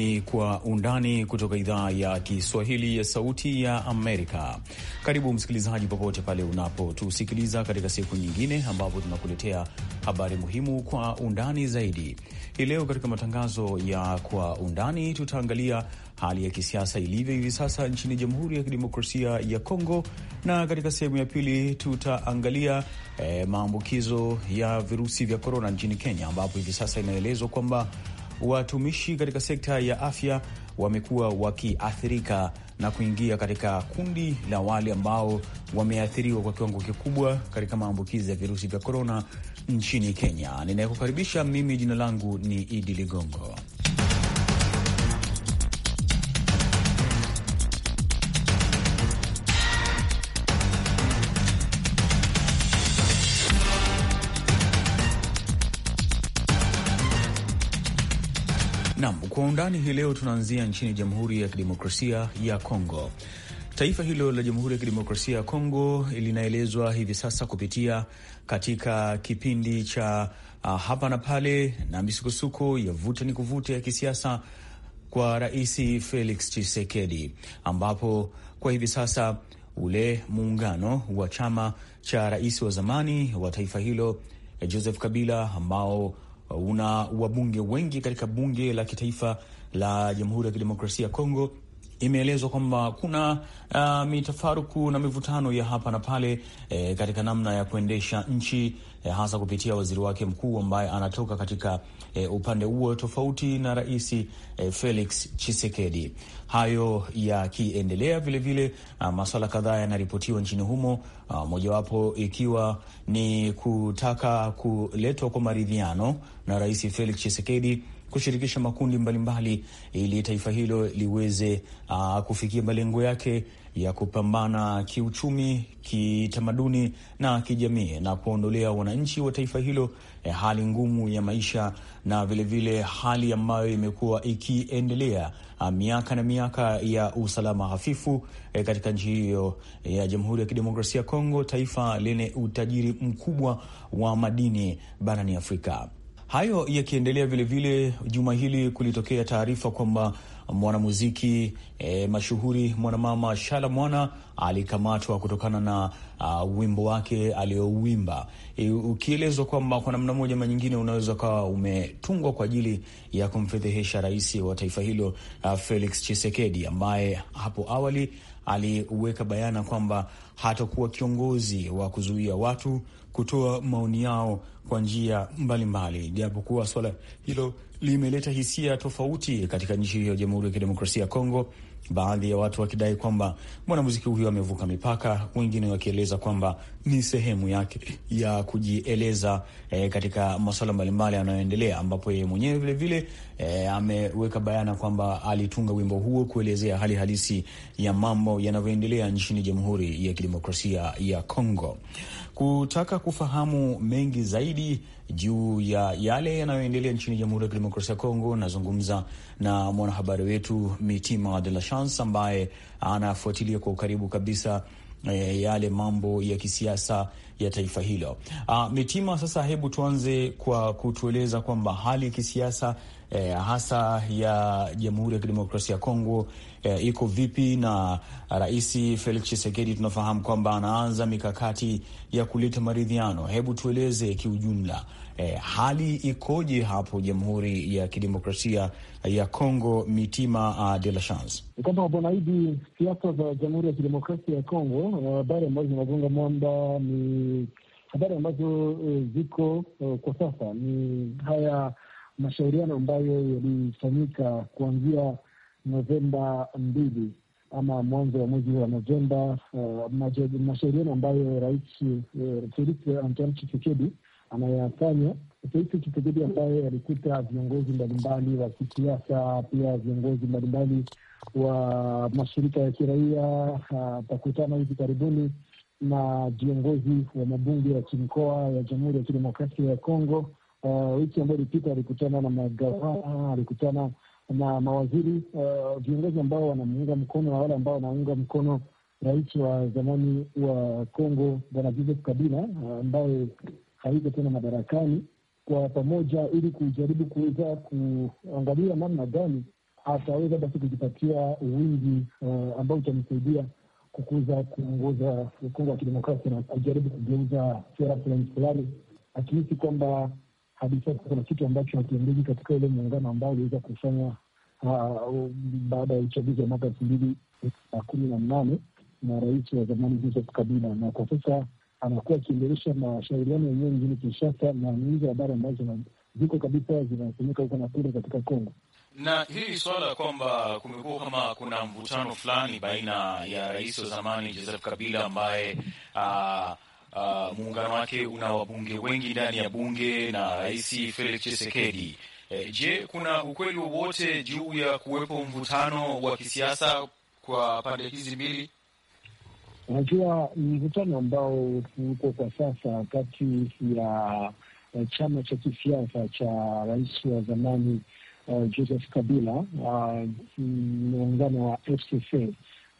ni Kwa Undani kutoka idhaa ya Kiswahili ya Sauti ya Amerika. Karibu msikilizaji, popote pale unapotusikiliza katika siku nyingine ambapo tunakuletea habari muhimu kwa undani zaidi. Hii leo katika matangazo ya Kwa Undani tutaangalia hali ya kisiasa ilivyo hivi sasa nchini Jamhuri ya Kidemokrasia ya Kongo, na katika sehemu ya pili tutaangalia eh, maambukizo ya virusi vya korona nchini Kenya ambapo hivi sasa inaelezwa kwamba watumishi katika sekta ya afya wamekuwa wakiathirika na kuingia katika kundi la wale ambao wameathiriwa kwa kiwango kikubwa katika maambukizi ya virusi vya korona nchini Kenya. Ninayekukaribisha mimi, jina langu ni Idi Ligongo. Nam kwa undani hii leo tunaanzia nchini Jamhuri ya Kidemokrasia ya Kongo. Taifa hilo la Jamhuri ya Kidemokrasia ya Kongo linaelezwa hivi sasa kupitia katika kipindi cha uh, hapa na pale na misukosuko ya vuta ni kuvuta ya kisiasa kwa Rais Felix Tshisekedi, ambapo kwa hivi sasa ule muungano wa chama cha rais wa zamani wa taifa hilo Joseph Kabila ambao una wabunge wengi katika bunge la kitaifa la Jamhuri ya Kidemokrasia ya Kongo imeelezwa kwamba kuna uh, mitafaruku na mivutano ya hapa na pale eh, katika namna ya kuendesha nchi eh, hasa kupitia waziri wake mkuu ambaye anatoka katika eh, upande huo tofauti na rais eh, Felix Tshisekedi. Hayo yakiendelea, vilevile uh, maswala kadhaa yanaripotiwa nchini humo uh, mojawapo ikiwa ni kutaka kuletwa kwa maridhiano na rais Felix Tshisekedi kushirikisha makundi mbalimbali mbali, ili taifa hilo liweze uh, kufikia malengo yake ya kupambana kiuchumi, kitamaduni na kijamii na kuondolea wananchi wa taifa hilo eh, hali ngumu ya maisha na vilevile vile hali ambayo imekuwa ikiendelea ah, miaka na miaka ya usalama hafifu eh, katika nchi hiyo eh, ya eh, Jamhuri ya Kidemokrasia ya Kongo, taifa lenye utajiri mkubwa wa madini barani Afrika. Hayo yakiendelea vilevile, juma hili kulitokea taarifa kwamba mwanamuziki e, mashuhuri mwanamama Shala Mwana alikamatwa kutokana na uh, wimbo wake aliyouimba, e, ukielezwa kwamba kwa namna moja ama nyingine unaweza ukawa umetungwa kwa ajili ya kumfedhehesha rais wa taifa hilo uh, Felix chisekedi ambaye hapo awali aliweka bayana kwamba hatakuwa kiongozi wa kuzuia watu kutoa maoni yao kwa njia mbalimbali, japokuwa swala hilo limeleta hisia tofauti katika nchi hiyo ya Jamhuri ya Kidemokrasia ya Kongo baadhi ya watu wakidai kwamba mwanamuziki huyo amevuka mipaka, wengine wakieleza kwamba ni sehemu yake ya kujieleza e, katika masuala mbalimbali yanayoendelea, ambapo yeye mwenyewe vilevile e, eh, ameweka bayana kwamba alitunga wimbo huo kuelezea hali halisi ya mambo yanavyoendelea nchini Jamhuri ya Kidemokrasia ya Kongo. Kutaka kufahamu mengi zaidi juu ya yale yanayoendelea nchini Jamhuri ya Kidemokrasia ya Kongo. Nazungumza na mwanahabari wetu Mitima de la Chance ambaye anafuatilia kwa ukaribu kabisa e, yale mambo ya kisiasa ya taifa hilo. A, ah, Mitima, sasa hebu tuanze kwa kutueleza kwamba hali ya kisiasa eh, hasa ya Jamhuri ya Kidemokrasia ya Kongo eh, iko vipi? Na Rais Felix Tshisekedi tunafahamu kwamba anaanza mikakati ya kuleta maridhiano. Hebu tueleze kiujumla, eh, hali ikoje hapo Jamhuri ya Kidemokrasia ya Kongo? Mitima uh, de la Chance ni kwamba bwana Idi, siasa za Jamhuri ya Kidemokrasia ya Kongo na eh, habari ambazo zinagonga mwamba ni habari ambazo eh, ziko uh, kwa sasa ni haya mashauriano ambayo yalifanyika kuanzia Novemba mbili ama mwanzo wa mwezi wa Novemba, uh, mashauriano ambayo rais uh, Antoine Chisekedi anayafanya Felix Chisekedi ambaye alikuta viongozi mbalimbali wa kisiasa, pia viongozi mbalimbali wa mashirika ya kiraia atakutana uh, hivi karibuni na viongozi wa mabunge ya kimkoa ya Jamhuri ya Kidemokrasia ya Kongo Eh, wiki ambayo ilipita alikutana na magavana, alikutana na mawaziri eh, viongozi uh, ambao wanamuunga mkono na wale ambao wanaunga mkono rais wa zamani wa Kongo Bwana Joseph Kabila ambaye haiko tena madarakani, kwa pamoja ili kujaribu kuweza kuangalia namna gani ataweza basi kujipatia wingi uh, ambao utamsaidia kukuza kuongoza Kongo ya kidemokrasia na kujaribu kugeuza sera fulani fulani, akihisi kwamba hadi sasa kuna kitu ambacho hakiendeki katika ule muungano ambao uliweza kufanya ah, baada ya uchaguzi wa mwaka elfu mbili na kumi na mnane na rais wa zamani Joseph Kabila, na kwa sasa anakuwa akiendelesha mashauriano yenyewe mjini Kinshasa na ni hizo habari ambazo ziko kabisa zinasemeka huko na kule katika Kongo na hili swala kwamba kumekuwa kama kuna mvutano fulani baina ya rais wa zamani Joseph Kabila ambaye uh, uh, muungano wake una wabunge wengi ndani ya bunge na Rais Felix Tshisekedi. E, je, kuna ukweli wowote juu ya kuwepo mvutano wa kisiasa kwa pande hizi mbili? Unajua, mvutano ambao uko kwa sasa kati ya eh, chama cha kisiasa cha rais wa zamani uh, Joseph Kabila uh, muungano wa FCC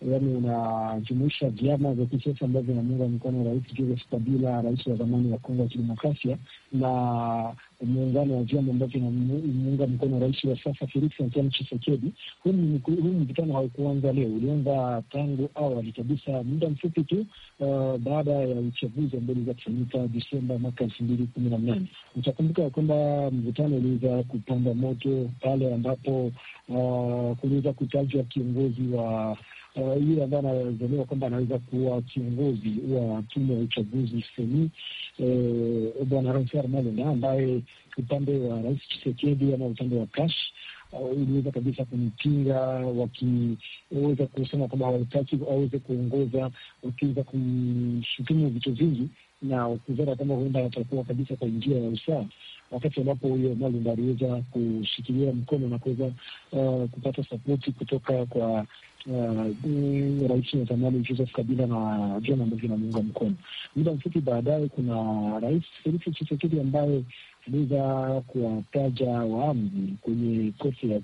yani unajumuisha vyama vya kisiasa ambavyo vinamuunga mkono Rais Joseph Kabila, rais wa zamani wa Kongo ya Kidemokrasia, na muungano wa vyama ambavyo vinamuunga mkono rais wa sasa Felix Antoine Tshisekedi. Huu mkutano haukuanza leo, ulianza tangu awali kabisa, muda mfupi tu uh, baada ya uchaguzi ambao uliweza kufanyika Desemba mwaka elfu mbili kumi na mnane. Utakumbuka kwamba mkutano uliweza kupanda moto pale ambapo uh, kuliweza kutajwa kiongozi wa Eh, yule ambaye anazaniwa kwamba anaweza kuwa kiongozi wa tume ya uchaguzi seni eh, bwana Rafael Malonda ambaye upande wa rais Chisekedi ama upande wa Kash eh, iliweza kabisa kumpinga wakiweza kusema kwamba hawataki aweze kuongoza, wakiweza kumshutumu vitu vingi na upinzani kama huenda watakuwa kabisa kwa njia ya usaa wakati ambapo huyo Malinda aliweza kushikilia mkono na kuweza uh, kupata sapoti kutoka kwa uh, rais wa zamani Joseph Kabila na John ambavyo inamuunga mkono. Muda mfupi baadaye, kuna rais Felix Tshisekedi ambaye aliweza kuwataja waamuzi kwenye koti ya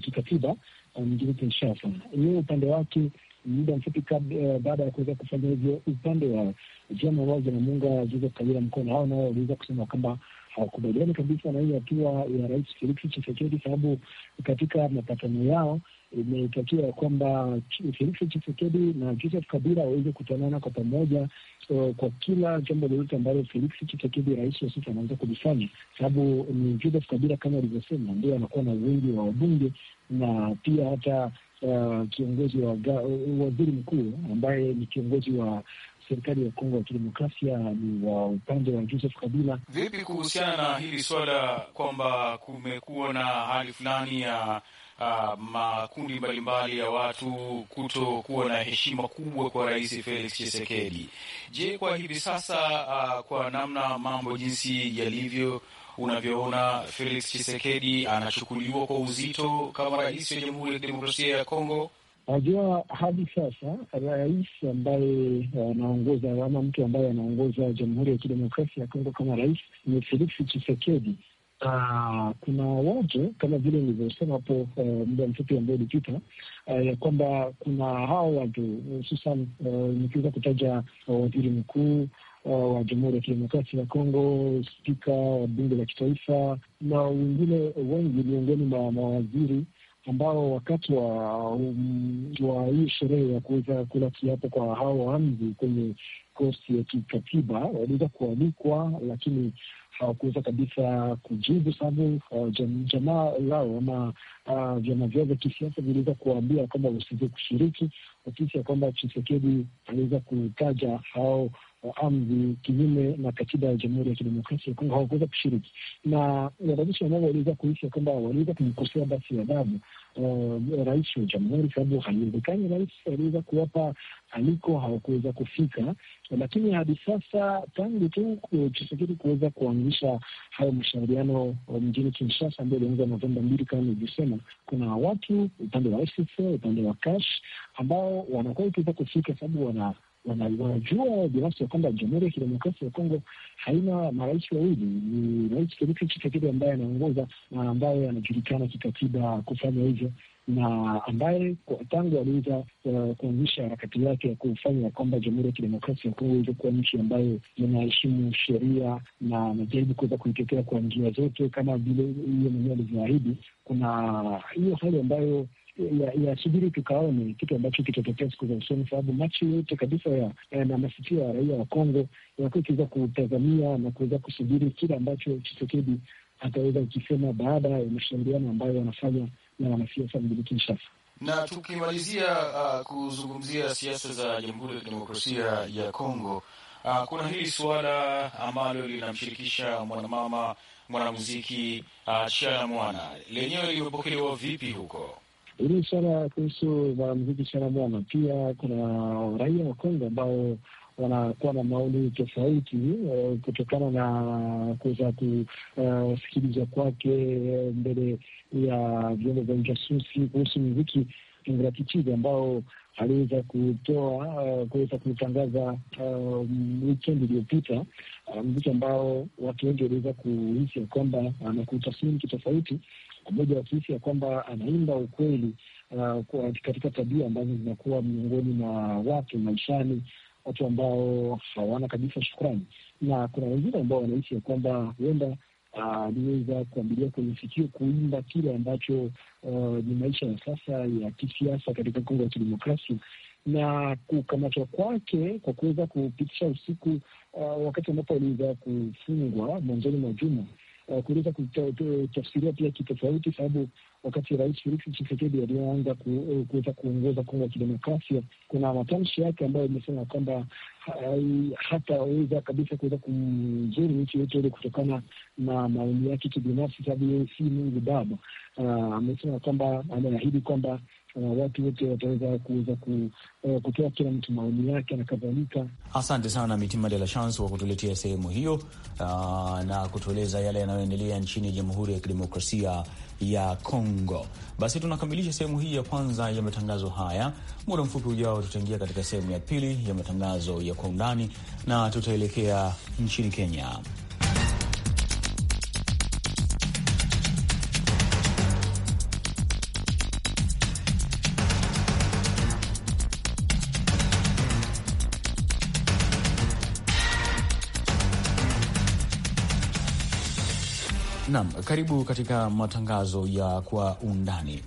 kikatiba uh, mjini Kinshasa. Yeye upande wake muda mfupi eh, baada ya kuweza kufanya hivyo, upande wa vyama ambavyo vinamuunga Joseph Kabila mkono, hao nao waliweza kusema kwamba hawakubaliani kabisa na hiyo hatua ya Rais Felix Tshisekedi, sababu katika mapatano yao imetakiwa kwamba Felix Tshisekedi na Joseph Kabila waweze kutanana kwa pamoja so, kwa kila jambo lolote ambalo Felix Tshisekedi rais wa sasa anaweza kulifanya, sababu ni Joseph Kabila kama alivyosema, ndio anakuwa na wingi wa wabunge na pia hata uh, kiongozi wa uh, waziri mkuu ambaye ni kiongozi wa serikali ya Kongo ya Kidemokrasia ni wa upande wa Joseph Kabila. Vipi kuhusiana na hili swala kwamba kumekuwa na hali fulani ya uh, makundi mbalimbali ya watu kutokuwa na heshima kubwa kwa Rais Felix Tshisekedi? Je, kwa hivi sasa uh, kwa namna mambo jinsi yalivyo unavyoona Felix chisekedi anachukuliwa kwa uzito kama rais wa Jamhuri ya Kidemokrasia ya Kongo? Najua hadi sasa rais ambaye eh, anaongoza ama mtu ambaye anaongoza Jamhuri ya Kidemokrasia ya Kongo kama rais ni Felix chisekedi Uh, ah, kuna watu kama vile nilivyosema hapo uh, muda mfupi ambao ulipita eh, ya uh, kwamba kuna hao watu hususan uh, nikiweza kutaja waziri mkuu wa Jamhuri ya Kidemokrasia ya Kongo, spika wa bunge la kitaifa na wengine wengi miongoni mwa mawaziri ambao wakati wa um, wa hii sherehe ya kuweza kula kiapo kwa hao wamzi kwenye kosi ya kikatiba waliweza kualikwa, lakini hawakuweza kabisa kujibu, sababu uh, jamaa lao ama uh, vyama vyao vya kisiasa viliweza kuwaambia kwamba wasiweze kushiriki, ofisi ya kwamba Chisekedi aliweza kutaja hao wa amzi kinyume na katiba ya Jamhuri ya Kidemokrasia ya Kongo hawakuweza kushiriki, na wanajeshi ambao waliweza kuhisi ya kwamba waliweza kumkosea basi adabu eh, rais wa jamhuri, sababu haiwezekani rais aliweza kuwapa aliko, hawakuweza kufika. Lakini hadi sasa tangu tu eh, Tshisekedi kuweza kuanzisha hayo mashauriano eh, mjini Kinshasa ambayo ilianza Novemba mbili kama nilivyosema, kuna watu upande wa upande wa Kash ambao wanakuwa wakiweza kufika sababu wana wanajua binafsi ya kwamba Jamhuri ya Kidemokrasia ya Kongo haina marais wawili, ni Rais Felix Tshisekedi ambaye anaongoza na ambaye anajulikana kikatiba kufanya hivyo na ambaye tangu aliweza uh, kuanzisha harakati yake ya kufanya ya kwamba Jamhuri ya Kidemokrasia ya Kongo iweze kuwa nchi ambayo inaheshimu sheria na anajaribu kuweza kuitetea kwa njia zote, kama vile hiyo mwenyewe alivyoahidi. Kuna hiyo hali ambayo yasubiri ya tukaone kitu ambacho kitatokea siku za usoni, sababu machi yote kabisa ya, ya na masikio ya raia wa Kongo yanakuwa ikiweza kutazamia na kuweza kusubiri kile ambacho Chisekedi ataweza kukisema baada ya mashauriano ambayo wanafanya na wanasiasa mjini Kinshasa na tukimalizia uh, ah, kuzungumzia siasa za Jamhuri ya Kidemokrasia ya Kongo, uh, kuna hili suala ambalo linamshirikisha mwanamama mwanamuziki uh, ah, Chiala Mwana, lenyewe limepokelewa vipi huko? ile ishara kuhusu mwanamuziki Sharamwana. Pia kuna raia wa Kongo ambao wanakuwa na maoni tofauti uh, kutokana na kuweza eh, kusikilizwa uh, kwake eh, mbele ya vyombo vya ujasusi kuhusu muziki Ingratitude ambao aliweza kutoa uh, kuweza kutangaza wikendi iliyopita uh, mziki ambao watu wengi waliweza kuhisi ya kwamba amekuutasini kitofauti pamoja wakiishi ya kwamba anaimba ukweli uh, katika tabia ambazo zinakuwa miongoni mwa watu maishani, watu ambao hawana kabisa shukrani, na kuna wengine ambao wanaishi ya kwamba huenda uh, aliweza uh, kuambilia kwenye sikio kuimba kile ambacho uh, ni maisha ya sasa ya kisiasa katika Kongo ya Kidemokrasia na kukamatwa kwake kwa kuweza kupitisha usiku uh, wakati ambapo aliweza kufungwa mwanzoni mwa juma uh, kuweza kutafsiriwa pia kitofauti, sababu wakati Rais Felix Tshisekedi aliyoanza eh, kuweza kuongoza Kongo ya Kidemokrasia, kuna matamshi yake ambayo imesema kwamba hataweza kabisa kuweza kumzuru nchi yote ile kutokana na maoni yake kibinafsi, sababu yeye si Mungu Baba. Ah, amesema kwamba ameahidi kwamba uh, watu wote wataweza kuweza ku, uh, kutoa kila mtu maoni yake na kadhalika. Asante sana Mitima de la Chance kwa kutuletea sehemu hiyo uh, na kutueleza yale yanayoendelea nchini Jamhuri ya Kidemokrasia ya Kongo. Basi tunakamilisha sehemu hii ya kwanza ya matangazo haya. Muda mfupi ujao, tutaingia katika sehemu ya pili ya matangazo ya kwa undani na tutaelekea nchini Kenya. Naam, karibu katika matangazo ya kwa undani.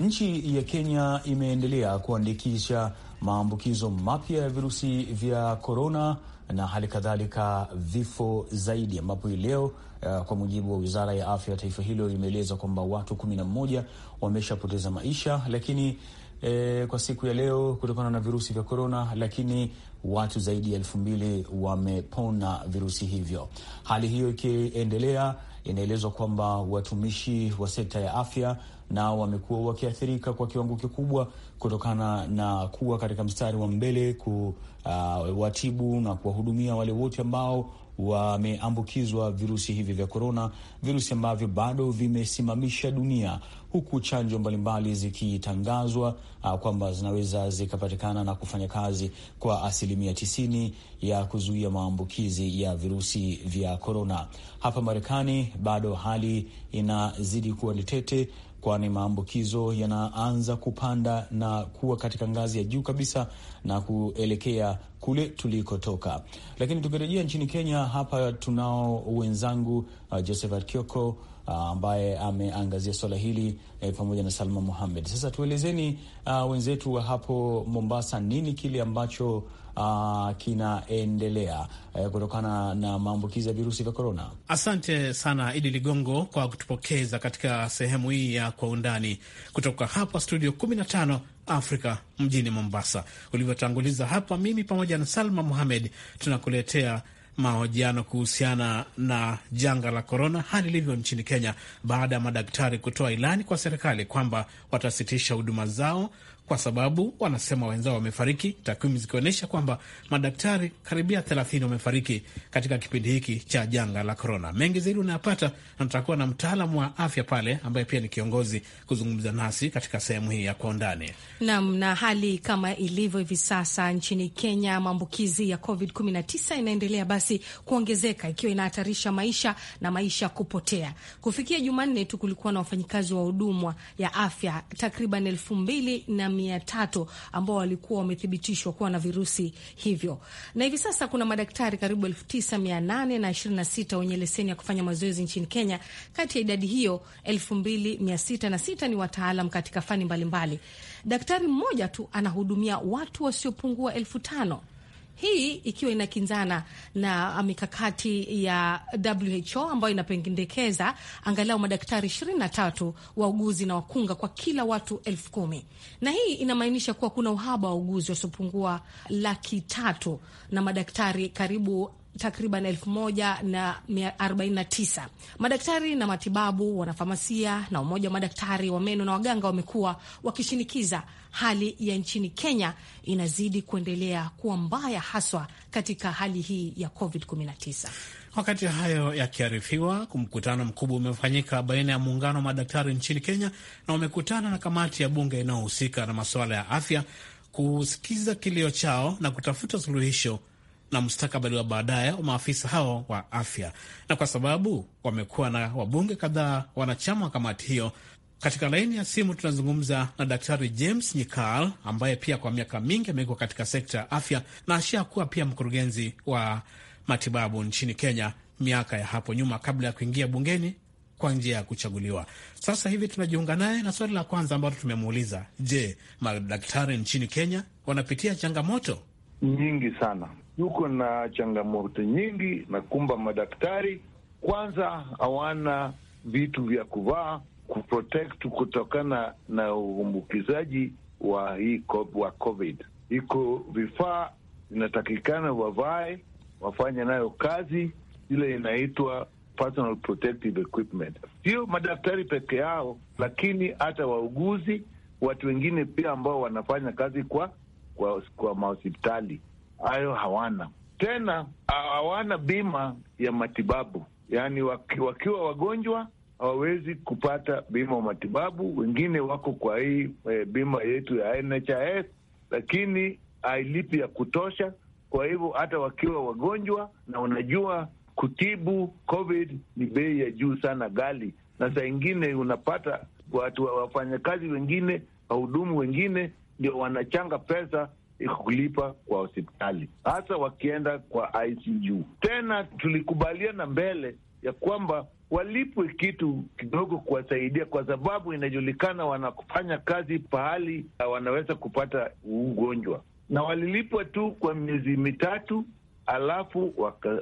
Nchi ya Kenya imeendelea kuandikisha maambukizo mapya ya virusi vya korona na hali kadhalika vifo zaidi, ambapo hii leo uh, kwa mujibu wa wizara ya afya ya taifa hilo imeeleza kwamba watu 11 wameshapoteza maisha, lakini eh, kwa siku ya leo kutokana na virusi vya korona, lakini watu zaidi ya elfu mbili wamepona virusi hivyo. Hali hiyo ikiendelea Inaelezwa kwamba watumishi wa sekta ya afya nao wamekuwa wakiathirika kwa kiwango kikubwa kutokana na kuwa katika mstari wa mbele kuwatibu uh, na kuwahudumia wale wote ambao wameambukizwa virusi hivi vya korona, virusi ambavyo bado vimesimamisha dunia, huku chanjo mbalimbali zikitangazwa uh, kwamba zinaweza zikapatikana na kufanya kazi kwa asilimia tisini ya kuzuia maambukizi ya virusi vya korona. Hapa Marekani bado hali inazidi kuwa ni tete kwani maambukizo yanaanza kupanda na kuwa katika ngazi ya juu kabisa na kuelekea kule tulikotoka. Lakini tukirejea nchini Kenya, hapa tunao wenzangu uh, Josephat Kioko uh, ambaye uh, ameangazia swala hili eh, pamoja na Salma Muhamed. Sasa tuelezeni uh, wenzetu wa hapo Mombasa, nini kile ambacho uh, kinaendelea uh, kutokana na maambukizi ya virusi vya korona. Asante sana Idi Ligongo kwa kutupokeza katika sehemu hii ya kwa undani kutoka hapa studio 15 Afrika mjini Mombasa. Ulivyotanguliza hapa, mimi pamoja na Salma Muhamed tunakuletea mahojiano kuhusiana na janga la korona, hali ilivyo nchini Kenya baada ya madaktari kutoa ilani kwa serikali kwamba watasitisha huduma zao kwa sababu wanasema wenzao wamefariki, takwimu zikionyesha kwamba madaktari karibia thelathini wamefariki katika kipindi hiki cha janga la korona. Mengi zaidi unayapata na tutakuwa na mtaalam wa afya pale ambaye pia ni kiongozi kuzungumza nasi katika sehemu hii ya kwa undani. Naam, na hali kama ilivyo hivi sasa nchini Kenya, maambukizi ya COVID-19 inaendelea basi kuongezeka, ikiwa inahatarisha maisha na maisha kupotea. Kufikia Jumanne tu kulikuwa na wafanyikazi wa huduma ya afya takriban elfu mbili na mia tatu ambao walikuwa wamethibitishwa kuwa na virusi hivyo, na hivi sasa kuna madaktari karibu elfu tisa mia nane na ishirini na sita wenye leseni ya kufanya mazoezi nchini Kenya. Kati ya idadi hiyo elfu mbili mia sita na sita ni wataalam katika fani mbalimbali mbali. Daktari mmoja tu anahudumia watu wasiopungua elfu tano hii ikiwa inakinzana na mikakati ya WHO ambayo inapendekeza angalau madaktari 23 wauguzi na wakunga kwa kila watu elfu kumi na hii inamaanisha kuwa kuna uhaba wa uguzi wasiopungua laki tatu na madaktari karibu takriban elfu moja na mia arobaini na tisa. Madaktari na matibabu, wanafamasia na umoja wa madaktari wa meno na waganga wamekuwa wakishinikiza hali ya nchini Kenya inazidi kuendelea kuwa mbaya, haswa katika hali hii ya COVID-19. Wakati hayo yakiarifiwa, mkutano mkubwa umefanyika baina ya muungano wa madaktari nchini Kenya na wamekutana na kamati ya bunge inayohusika na masuala ya afya kusikiza kilio chao na kutafuta suluhisho na mustakabali wa baadaye wa maafisa hao wa afya, na kwa sababu wamekuwa na wabunge kadhaa wanachama wa kamati hiyo. Katika laini ya simu tunazungumza na Daktari James Nyikal ambaye pia kwa miaka mingi amekuwa katika sekta ya afya na ashakuwa pia mkurugenzi wa matibabu nchini Kenya miaka ya hapo nyuma kabla ya kuingia bungeni kwa njia ya kuchaguliwa. Sasa hivi tunajiunga naye na swali la kwanza ambalo tumemuuliza, je, madaktari nchini Kenya wanapitia changamoto nyingi sana? yuko na changamoto nyingi na kumba madaktari kwanza hawana vitu vya kuvaa kuprotect kutokana na uambukizaji wa hii wa COVID. Iko vifaa vinatakikana wavae, wafanye nayo kazi, ile inaitwa personal protective equipment. Sio madaktari peke yao, lakini hata wauguzi, watu wengine pia ambao wanafanya kazi kwa kwa, kwa mahospitali hayo hawana tena, hawana bima ya matibabu, yaani waki, wakiwa wagonjwa hawawezi kupata bima ya matibabu. Wengine wako kwa hii e, bima yetu ya NHIF, lakini hailipi ya kutosha. Kwa hivyo hata wakiwa wagonjwa, na unajua kutibu COVID ni bei ya juu sana, gali na saa ingine unapata watu wafanyakazi wengine, wahudumu wengine ndio wanachanga pesa kulipa kwa hospitali, hasa wakienda kwa ICU. Tena tulikubaliana mbele ya kwamba walipwe kitu kidogo kuwasaidia, kwa sababu inajulikana wanakufanya kazi pahali wanaweza kupata ugonjwa, na walilipwa tu kwa miezi mitatu, alafu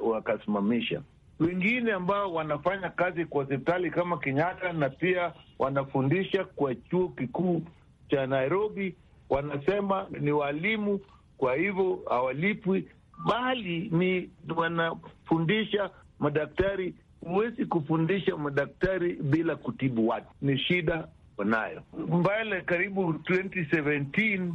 wakasimamisha waka wengine ambao wanafanya kazi kwa hospitali kama Kenyatta na pia wanafundisha kwa chuo kikuu cha Nairobi wanasema ni walimu, kwa hivyo hawalipwi, bali ni wanafundisha madaktari. Huwezi kufundisha madaktari bila kutibu watu, ni shida wanayo. Mbale karibu 2017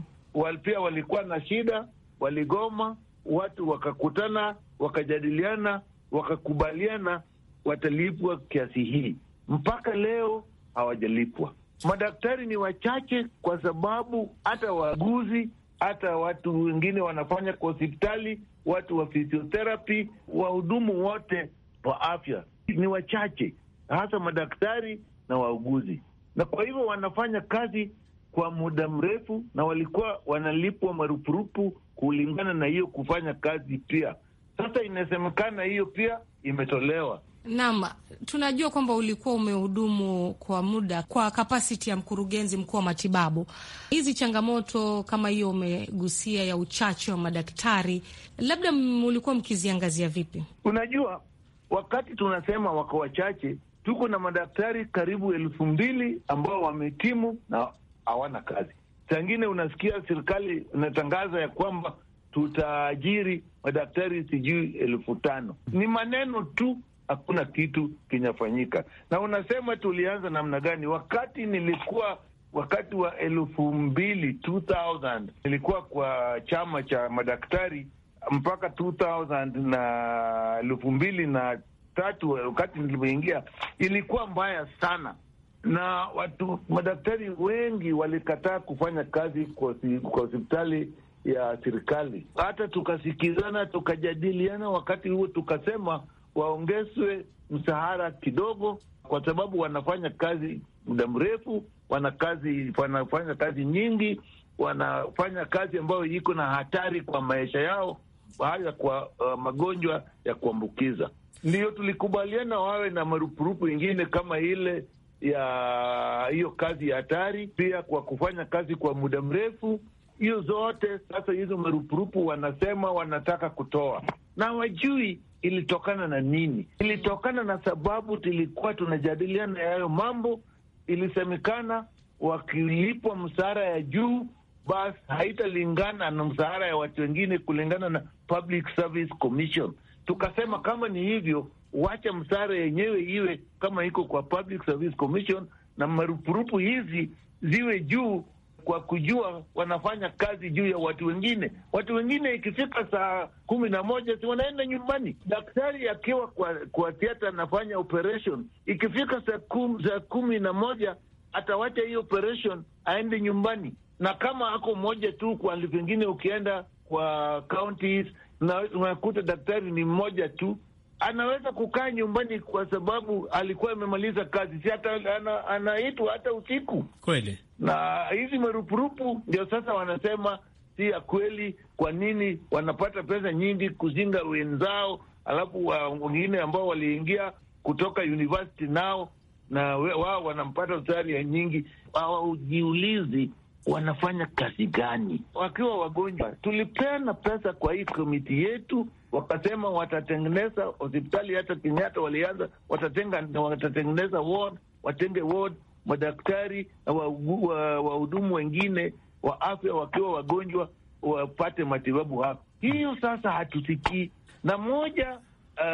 pia walikuwa na shida, waligoma, watu wakakutana, wakajadiliana, wakakubaliana watalipwa kiasi hii, mpaka leo hawajalipwa. Madaktari ni wachache, kwa sababu hata waaguzi, hata watu wengine wanafanya kwa hospitali, watu wa physiotherapy, wahudumu wote wa afya ni wachache, hasa madaktari na wauguzi, na kwa hivyo wanafanya kazi kwa muda mrefu, na walikuwa wanalipwa marupurupu kulingana na hiyo kufanya kazi. Pia sasa inasemekana hiyo pia imetolewa Naam, tunajua kwamba ulikuwa umehudumu kwa muda kwa kapasiti ya mkurugenzi mkuu wa matibabu. Hizi changamoto kama hiyo umegusia ya uchache wa madaktari, labda mulikuwa mkiziangazia vipi? Unajua, wakati tunasema wako wachache, tuko na madaktari karibu elfu mbili ambao wamehitimu na hawana kazi. Sangine unasikia serikali inatangaza ya kwamba tutaajiri madaktari sijui elfu tano. Ni maneno tu hakuna kitu kinafanyika. Na unasema tulianza namna gani? Wakati nilikuwa wakati wa elfu mbili 2000 nilikuwa kwa chama cha madaktari mpaka 2000 na elfu mbili na tatu, wakati nilivyoingia ilikuwa mbaya sana, na watu madaktari wengi walikataa kufanya kazi kwa hospitali ya serikali. Hata tukasikizana tukajadiliana, wakati huo tukasema waongezwe mshahara kidogo, kwa sababu wanafanya kazi muda mrefu, wana kazi, wanafanya kazi nyingi, wanafanya kazi ambayo iko na hatari kwa maisha yao, haya kwa uh, magonjwa ya kuambukiza. Ndiyo tulikubaliana wawe na marupurupu ingine kama ile ya hiyo kazi ya hatari, pia kwa kufanya kazi kwa muda mrefu. Hiyo zote sasa, hizo marupurupu wanasema wanataka kutoa, na wajui ilitokana na nini? Ilitokana na sababu tulikuwa tunajadiliana yayo mambo. Ilisemekana wakilipwa mshahara ya juu, basi haitalingana na mshahara ya watu wengine kulingana na Public Service Commission. Tukasema kama ni hivyo, wacha mshahara yenyewe iwe kama iko kwa Public Service Commission, na marupurupu hizi ziwe juu kwa kujua wanafanya kazi juu ya watu wengine. Watu wengine ikifika saa kumi na moja si wanaenda nyumbani. Daktari akiwa kwa, kwa tiata anafanya operation, ikifika saa kum, saa kumi na moja atawacha hii operation aende nyumbani, na kama ako mmoja tu kwa vingine. Ukienda kwa counties na unakuta daktari ni mmoja tu anaweza kukaa nyumbani kwa sababu alikuwa amemaliza kazi, si hata ana, anaitwa hata usiku kweli na hizi marupurupu ndio sasa wanasema si ya kweli. Kwa nini wanapata pesa nyingi kuzinga wenzao, alafu wengine ambao waliingia kutoka university nao na wao wanampata ya nyingi, hawajiulizi wanafanya kazi gani wakiwa wagonjwa. Tulipeana pesa kwa hii komiti yetu, wakasema watatengeneza hospitali. Hata Kenyatta walianza watatenga, watatengeneza ward, watenge ward madaktari na wahudumu wengine wa afya wakiwa wagonjwa wapate matibabu hapa. Hiyo sasa hatusikii. Na moja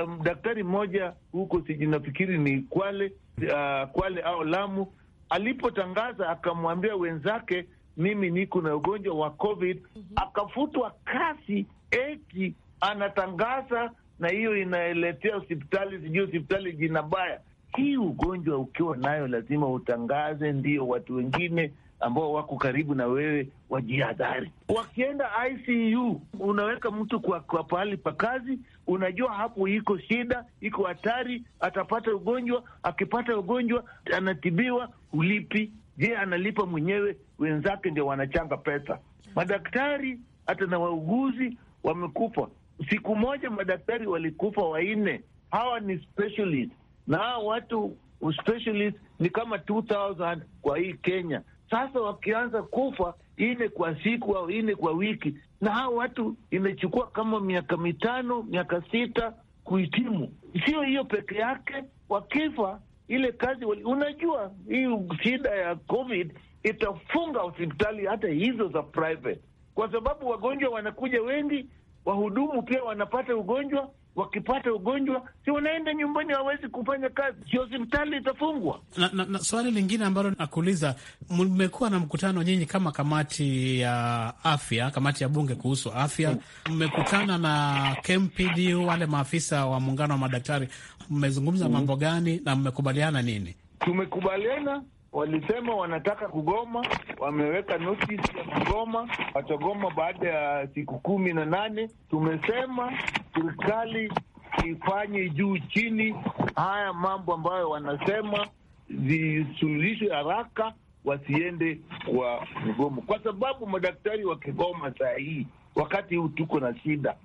um, daktari mmoja huko siji nafikiri ni Kwale, uh, Kwale au Lamu alipotangaza akamwambia wenzake, mimi niko na ugonjwa wa COVID mm -hmm. Akafutwa kasi eti anatangaza, na hiyo inaeletea hospitali sijui hospitali jina baya hii ugonjwa ukiwa nayo lazima utangaze, ndio watu wengine ambao wako karibu na wewe wajihadhari. Wakienda ICU unaweka mtu kwa, kwa pahali pa kazi, unajua hapo iko shida, iko hatari, atapata ugonjwa. Akipata ugonjwa anatibiwa, ulipi? Je, analipa mwenyewe? Wenzake ndio wanachanga pesa, madaktari hata na wauguzi wamekufa. Siku moja madaktari walikufa wanne. Hawa ni specialist na hawa watu specialist ni kama 2000 kwa hii Kenya. Sasa wakianza kufa ine kwa siku au ine kwa wiki, na hao watu imechukua kama miaka mitano miaka sita kuhitimu. Sio hiyo peke yake, wakifa ile kazi wali... unajua hii shida ya COVID itafunga hospitali hata hizo za private, kwa sababu wagonjwa wanakuja wengi, wahudumu pia wanapata ugonjwa wakipata ugonjwa si wanaenda nyumbani, hawawezi kufanya kazi, si hospitali itafungwa. Na, na, na swali lingine ambalo nakuuliza, mmekuwa na mkutano nyinyi kama kamati ya afya, kamati ya bunge kuhusu afya, mmekutana na KMPD, wale maafisa wa muungano wa madaktari, mmezungumza mm-hmm. mambo gani na mmekubaliana nini? Tumekubaliana walisema wanataka kugoma, wameweka notisi ya kugoma, watagoma baada ya siku kumi na nane. Tumesema serikali ifanye juu chini haya mambo ambayo wanasema zisuluhishwe haraka, wasiende kwa mgomo, kwa sababu madaktari wakigoma saa hii, wakati huu tuko na shida,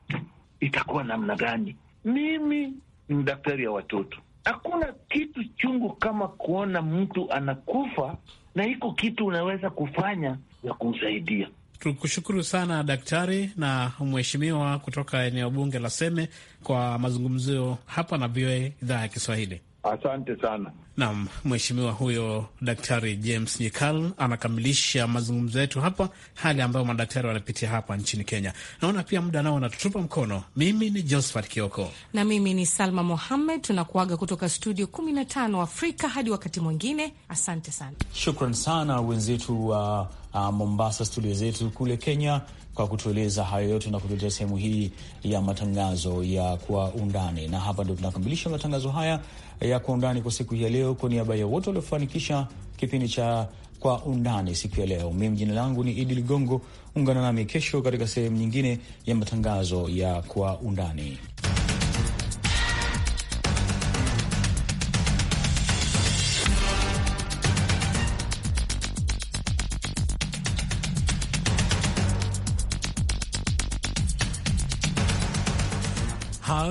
itakuwa namna gani? Mimi ni daktari ya watoto Hakuna kitu chungu kama kuona mtu anakufa na iko kitu unaweza kufanya ya kumsaidia. Tukushukuru sana daktari na mheshimiwa kutoka eneo bunge la Seme kwa mazungumzo hapa na VOA idhaa ya Kiswahili. Asante sana. Naam, mheshimiwa huyo Daktari James Nyikal anakamilisha mazungumzo yetu hapa, hali ambayo madaktari wanapitia hapa nchini Kenya. Naona pia muda nao natutupa mkono. Mimi ni Josphat Kioko na mimi ni Salma Mohammed, tunakuaga kutoka studio 15 Afrika hadi wakati mwingine. Asante sana, shukran sana wenzetu wa uh, uh, Mombasa, studio zetu kule Kenya kwa kutueleza hayo yote na kutuletea sehemu hii ya matangazo ya kwa undani. Na hapa ndio tunakamilisha matangazo haya ya kwa undani kwa siku hii ya leo. Kwa niaba ya wote waliofanikisha kipindi cha kwa undani siku ya leo, mimi jina langu ni Idi Ligongo. Ungana nami kesho katika sehemu nyingine ya matangazo ya kwa undani.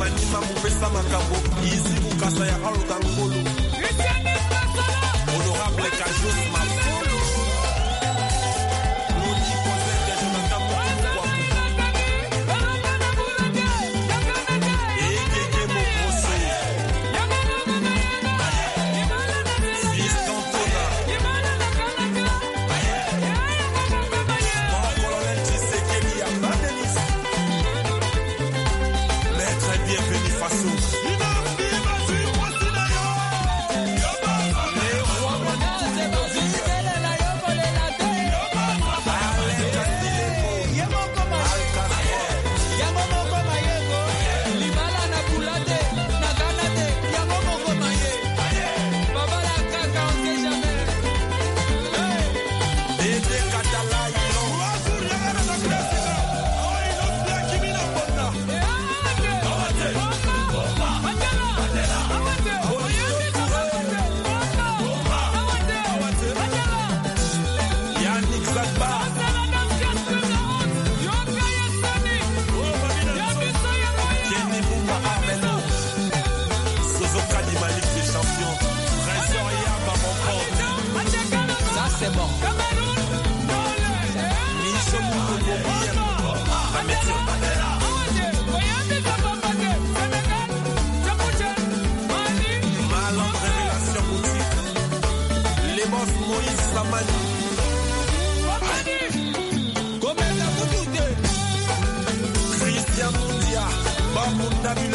manima mupesa makambo izi kukasa ya alga ngulu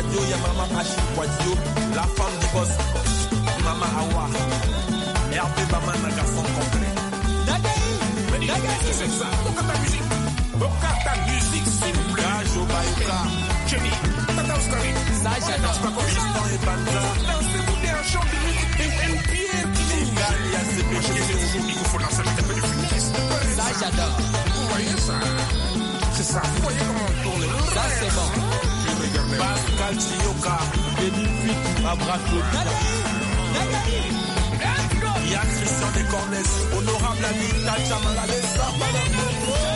y a Maman la femme du boss, Maman Awa, Maman un garçon complet. Dagaï, c'est ça, pourquoi ta musique ta musique, s'il vous plaît Baïka, Jenny, ça j'adore, ça. j'adore. Ça c'est bon. Hein? Pascal Chioka, 2008 à Yann Christian Descornes, honorable ami